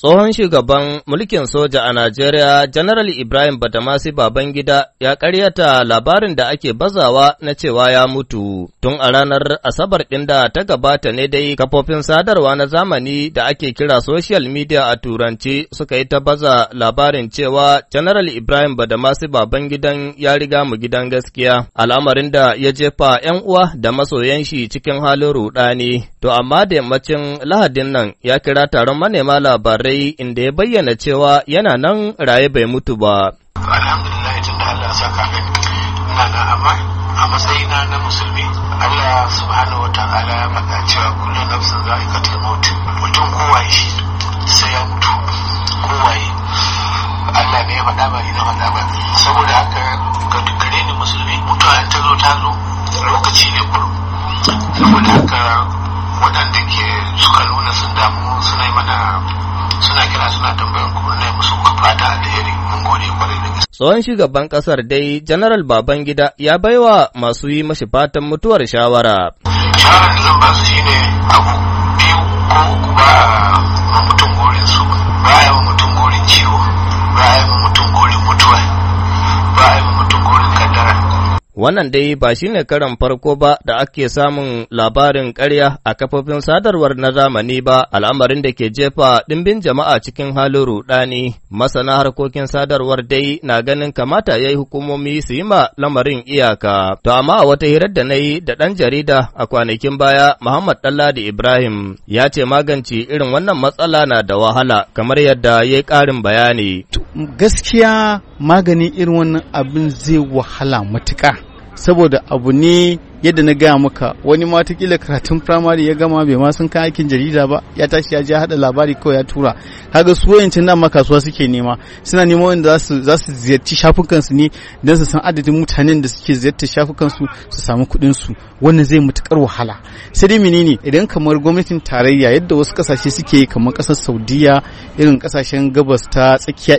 Tsohon shugaban mulkin soja a Najeriya, General Ibrahim Badamasi Babangida ya karyata labarin da ake bazawa na cewa ya mutu tun a ranar Asabar ɗin da ta gabata ne dai kafofin sadarwa na zamani da ake kira social media a turanci suka yi ta baza labarin cewa General Ibrahim Badamasi Babangidan ya riga mu gidan gaskiya, al'amarin da ya jefa ‘yan uwa da masoyan shi cikin halin ruɗani. To amma da yammacin Lahadin nan ya kira taron manema labarai labarai da ya bayyana cewa yana nan raye bai mutu ba. Alhamdulillah tun da Allah saka ina na amma a matsayina na musulmi Allah subhanahu wa ta'ala ya faɗa cewa kullu nafsin za'iqatul maut mutum kowaye shi sai ya mutu kowaye Allah ne ya faɗa ba ina faɗa ba saboda haka ga gare ni musulmi mutuwa ta zo ta zo lokaci ne kurum saboda haka waɗanda ke suka nuna sun damu suna yi mana suna kira suna tambayan ku na musu fata alheri mun gode kwarai da gaske. Tsohon shugaban kasar dai General Babangida ya baiwa masu yi mashi fatan mutuwar shawara. Shawarar da zan ba su shine abu Wannan dai ba shi ne karan farko ba da ake samun labarin karya a kafofin sadarwar na zamani ba al'amarin da ke jefa ɗimbin jama'a cikin halin ruɗani. Masana harkokin sadarwar dai na ganin kamata ya yi hukumomi su yi ma lamarin iyaka. To amma a wata hirar da na yi da ɗan jarida a kwanakin baya Muhammad Ɗanladi Ibrahim ya ce magance irin wannan matsala na da wahala kamar yadda ya yi ƙarin bayani. Gaskiya magani irin wannan abin zai wahala matuka saboda abu ne yadda na gaya maka wani ma kila karatun firamare ya gama bai ma sun kan aikin jarida ba ya tashi ya je hada labari kawai ya tura kaga su wayancin nan ma kasuwa suke nema suna neman wanda za su ziyarci shafukan su ne don su san adadin mutanen da suke ziyarta shafukan su su samu kuɗin su wannan zai matukar wahala sai dai menene idan kamar gwamnatin tarayya yadda wasu kasashe suke yi kamar kasar Saudiya irin kasashen gabas ta tsakiya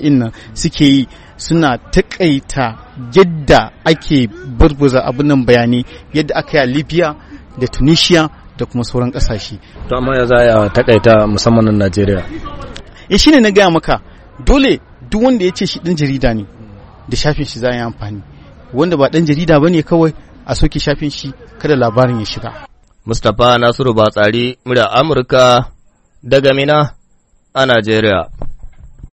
suke yi suna takaita yadda ake burbuza abunan bayanai yadda aka yi a libya da tunisia da kuma sauran kasashe to amma ya za a takaita musamman najeriya e shine na gaya maka dole duk wanda ya ce shi dan jarida ne da shafin shi za yi amfani wanda ba dan jarida ba ne kawai a soke shafin shi kada labarin ya shiga mustapha nasiru batsari murya amurka daga mina a najeriya